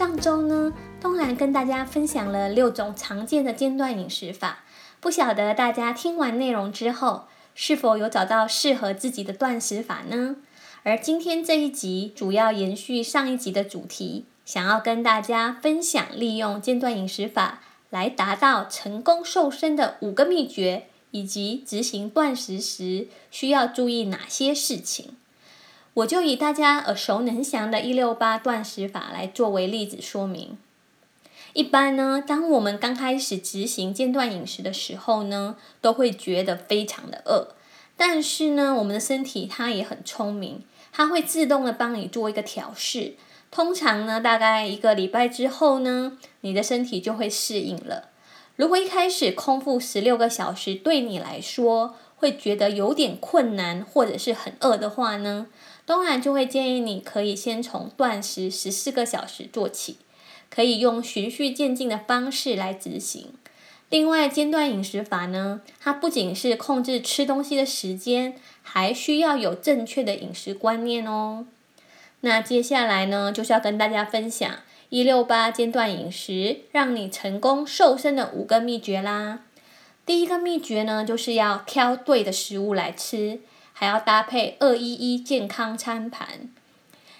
上週呢，東蘭跟大家分享了六種常見的間斷飲食法，不曉得大家聽完內容之後是否有找到適合自己的斷食法呢？而今天這一集主要延續上一集的主題，想要跟大家分享利用間斷飲食法來達到成功瘦身的五個秘訣，以及執行斷食時需要注意哪些事情。我就以大家耳熟能詳的一六八斷食法來作為例子說明。一般呢，當我們剛開始執行間斷飲食的時候呢，都會覺得非常的餓。但是呢，我們的身體它也很聰明，它會自動的幫你做一個調適。通常呢，大概一個禮拜之後呢，你的身體就會適應了。如果一開始空腹十六個小時對你來說，會覺得有點困難或者是很餓的話呢，東蘭就會建議你可以先從斷食十四個小時做起，可以用循序漸進的方式來執行。另外，間斷飲食法呢，它不僅是控制吃東西的時間，還需要有正確的飲食觀念哦。那接下來呢，就是要跟大家分享一六八間斷飲食，讓你成功瘦身的五個秘訣啦。第一個秘訣呢，就是要挑對的食物來吃，還要搭配二一一健康餐盤。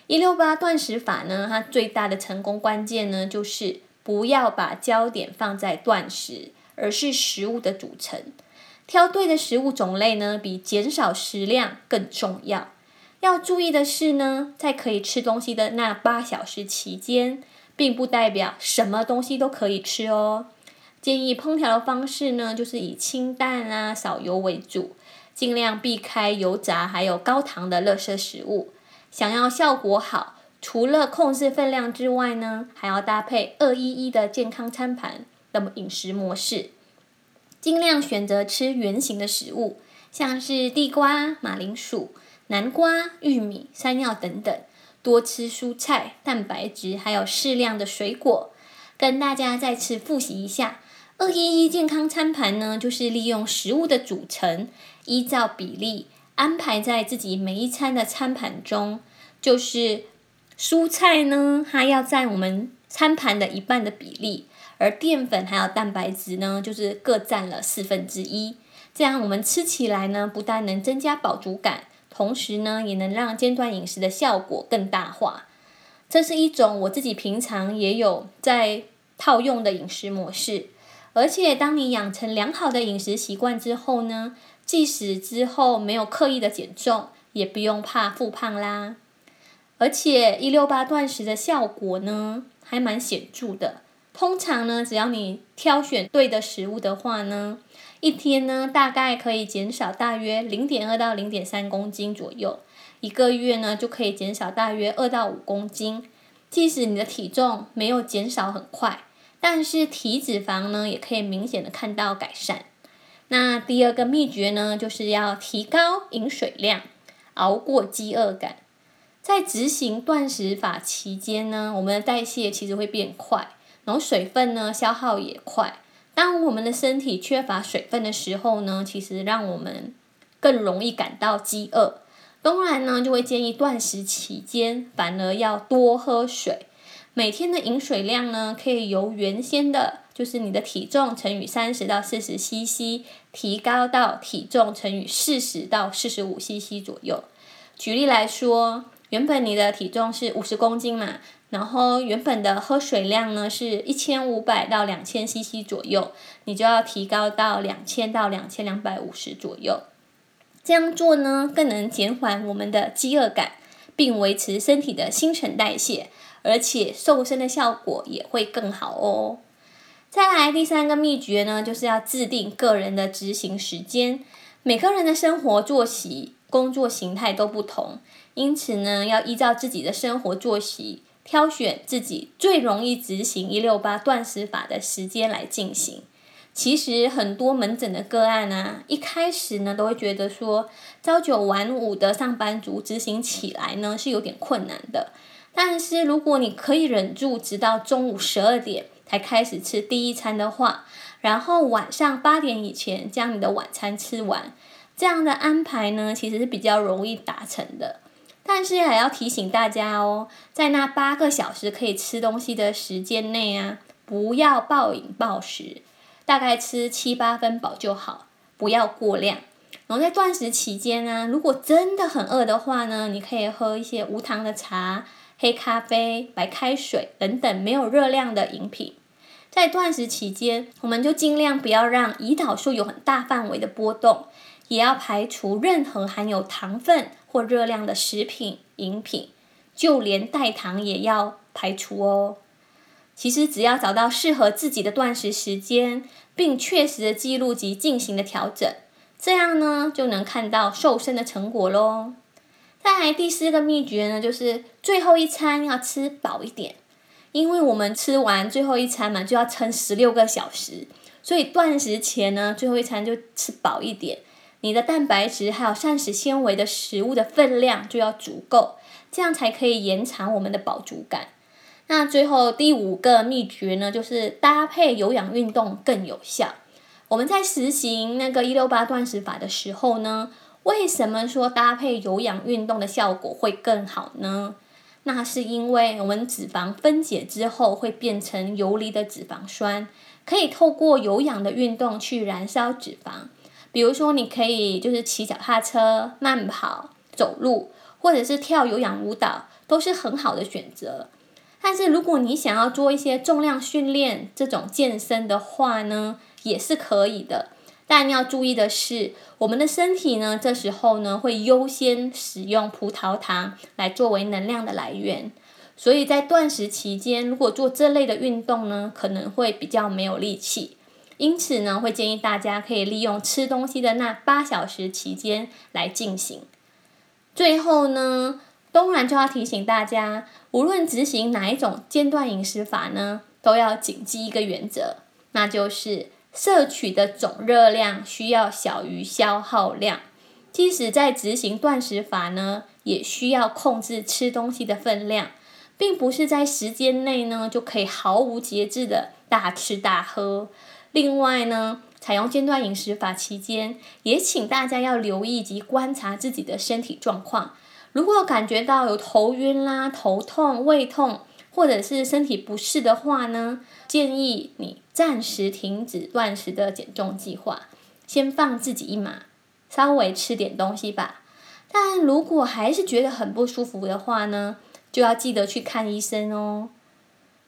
一六八斷食法呢，它最大的成功關鍵呢，就是不要把焦點放在斷食，而是食物的組成。挑對的食物種類呢，比減少食量更重要。要注意的是呢，在可以吃東西的那八小時期間，並不代表什麼東西都可以吃哦。建議烹調的方式呢，就是以清淡啊、少油為主，盡量避開油炸，還有高糖的垃圾食物。想要效果好，除了控制分量之外呢，還要搭配二一一的健康餐盤的飲食模式，盡量選擇吃原型的食物，像是地瓜、馬鈴薯、南瓜、玉米、山藥等等，多吃蔬菜、蛋白質，還有適量的水果。跟大家再次複習一下。二一一健康餐盤呢，就是利用食物的組成，依照比例安排在自己每一餐的餐盤中。就是蔬菜呢，它要占我們餐盤的一半的比例，而澱粉還有蛋白質呢，就是各占了四分之一。這樣我們吃起來呢，不但能增加飽足感，同時呢，也能讓間斷飲食的效果更大化。這是一種我自己平常也有在套用的飲食模式。而且，當你養成良好的飲食習慣之後呢，即使之後沒有刻意的減重，也不用怕復胖啦。而且，一六八斷食的效果呢，還蠻顯著的。通常呢，只要你挑選對的食物的話呢，一天呢大概可以減少大約零點二到零點三公斤左右，一個月呢就可以減少大約二到五公斤。即使你的體重沒有減少很快。但是體脂肪呢，也可以明顯的看到改善。那第二個秘訣呢，就是要提高飲水量，熬過飢餓感。在執行斷食法期間呢，我們的代謝其實會變快，然後水分呢消耗也快。當我們的身體缺乏水分的時候呢，其實讓我們更容易感到飢餓。東蘭呢，就會建議斷食期間反而要多喝水。每天的飲水量呢，可以由原先的，就是你的體重乘以三十到四十 CC，提高到體重乘以四十到四十五 CC 左右。舉例來說，原本你的體重是五十公斤嘛，然後原本的喝水量呢是一千五百到兩千 CC 左右，你就要提高到兩千到兩千兩百五十左右。這樣做呢，更能減緩我們的飢餓感，並維持身體的新陳代謝。而且瘦身的效果也會更好哦。再來第三個秘訣呢，就是要制定個人的執行時間。每個人的生活作息、工作形態都不同，因此呢，要依照自己的生活作息，挑選自己最容易執行一六八斷食法的時間來進行。其實很多門診的個案呢、啊，一開始呢，都會覺得說，朝九晚五的上班族執行起來呢，是有點困難的。但是如果你可以忍住，直到中午十二點才開始吃第一餐的話，然後晚上八點以前將你的晚餐吃完，這樣的安排呢，其實是比較容易達成的。但是還要提醒大家哦，在那八個小時可以吃東西的時間內啊，不要暴飲暴食，大概吃七八分飽就好，不要過量。然後在斷食期間呢，如果真的很餓的話呢，你可以喝一些無糖的茶、黑咖啡、白開水等等沒有熱量的飲品，在斷食期間，我們就盡量不要讓胰島素有很大範圍的波動，也要排除任何含有糖分或熱量的食品飲品，就連代糖也要排除哦。其實只要找到適合自己的斷食時間，並確實的記錄及進行的調整，這樣呢就能看到瘦身的成果咯。再來第四個秘訣呢，就是最後一餐要吃飽一點，因為我們吃完最後一餐嘛，就要撐十六個小時，所以斷食前呢，最後一餐就吃飽一點，你的蛋白質還有膳食纖維的食物的分量就要足夠，這樣才可以延長我們的飽足感。那最後第五個秘訣呢，就是搭配有氧運動更有效。我們在實行那個一六八斷食法的時候呢，為什麼說搭配有氧運動的效果會更好呢？那是因為我們脂肪分解之後會變成游離的脂肪酸，可以透過有氧的運動去燃燒脂肪。比如說，你可以就是騎腳踏車、慢跑、走路，或者是跳有氧舞蹈，都是很好的選擇。但是，如果你想要做一些重量訓練，這種健身的話呢，也是可以的。但要注意的是，我們的身體呢，這時候呢會優先使用葡萄糖來作為能量的來源，所以在斷食期間，如果做這類的運動呢，可能會比較沒有力氣。因此呢，會建議大家可以利用吃東西的那八小時期間來進行。最後呢，東蘭就要提醒大家，無論執行哪一種間斷飲食法呢，都要謹記一個原則，那就是。攝取的總熱量需要小於消耗量，即使在執行斷食法呢，也需要控制吃東西的分量，並不是在時間內呢就可以毫無節制的大吃大喝。另外呢，採用間斷飲食法期間，也請大家要留意及觀察自己的身體狀況。如果感覺到有頭暈啦、啊、頭痛、胃痛，或者是身體不適的話呢，建議你暫時停止斷食的減重計劃，先放自己一馬，稍微吃點東西吧。但如果還是覺得很不舒服的話呢，就要記得去看醫生哦。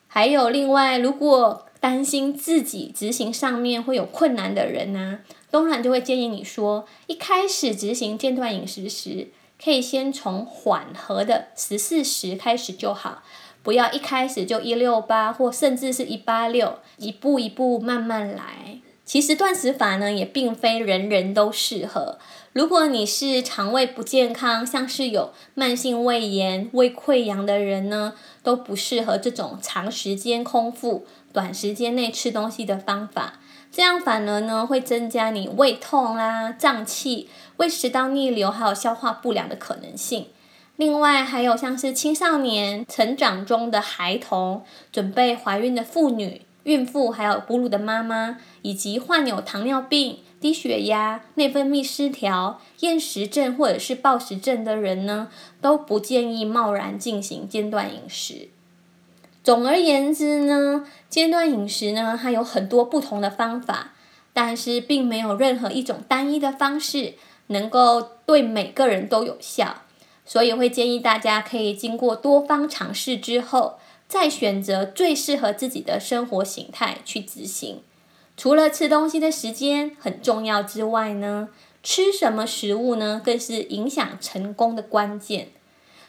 還有另外，如果擔心自己執行上面會有困難的人呢、啊，東蘭就會建議你說，一開始執行間斷飲食時，可以先從緩和的十四時開始就好。不要一開始就一六八，或甚至是一八六，一步一步慢慢來。其實斷食法呢，也並非人人都適合。如果你是腸胃不健康，像是有慢性胃炎、胃潰瘍的人呢，都不適合這種長時間空腹、短時間內吃東西的方法。這樣反而呢，會增加你胃痛啦、脹氣、胃食道逆流，還有消化不良的可能性。另外還有像是青少年、成長中的孩童、準備懷孕的婦女、孕婦、還有哺乳的媽媽，以及患有糖尿病、低血壓、內分泌失調、厭食症或者是暴食症的人呢，都不建議貿然進行間斷飲食。總而言之呢，間斷飲食呢，它有很多不同的方法，但是並沒有任何一種單一的方式能夠對每個人都有效。所以會建議大家可以經過多方嘗試之後，再選擇最適合自己的生活形態去執行。除了吃東西的時間很重要之外呢，吃什麼食物呢，更是影響成功的關鍵。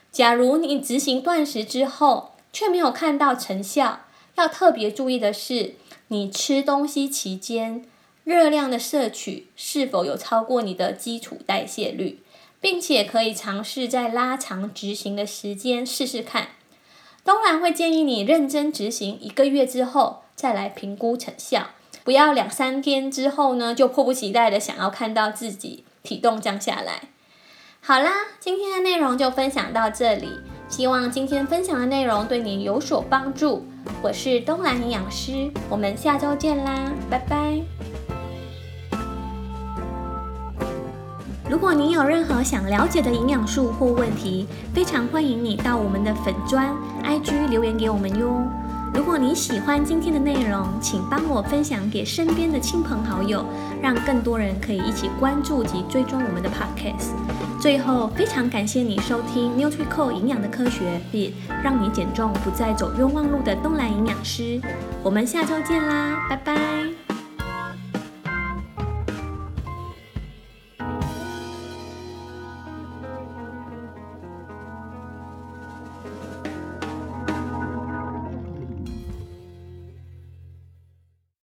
假如你執行斷食之後卻沒有看到成效，要特別注意的是，你吃東西期間熱量的攝取是否有超過你的基礎代謝率。並且可以嘗試再拉長執行的時間試試看。東蘭會建議你認真執行一個月之後再來評估成效，不要兩三天之後呢就迫不及待的想要看到自己體重降下來。好啦，今天的內容就分享到這裡，希望今天分享的內容對你有所幫助。我是東蘭營養師，我們下周見啦，拜拜。如果你有任何想了解的營養素或問題，非常歡迎你到我們的粉專 IG 留言給我們喲。如果你喜歡今天的內容，請幫我分享給身邊的親朋好友，讓更多人可以一起關注及追蹤我們的 podcast。最後，非常感謝你收聽 NutriCore 營養的科學，並讓你減重不再走冤枉路的東蘭營養師。我們下周見啦，拜拜。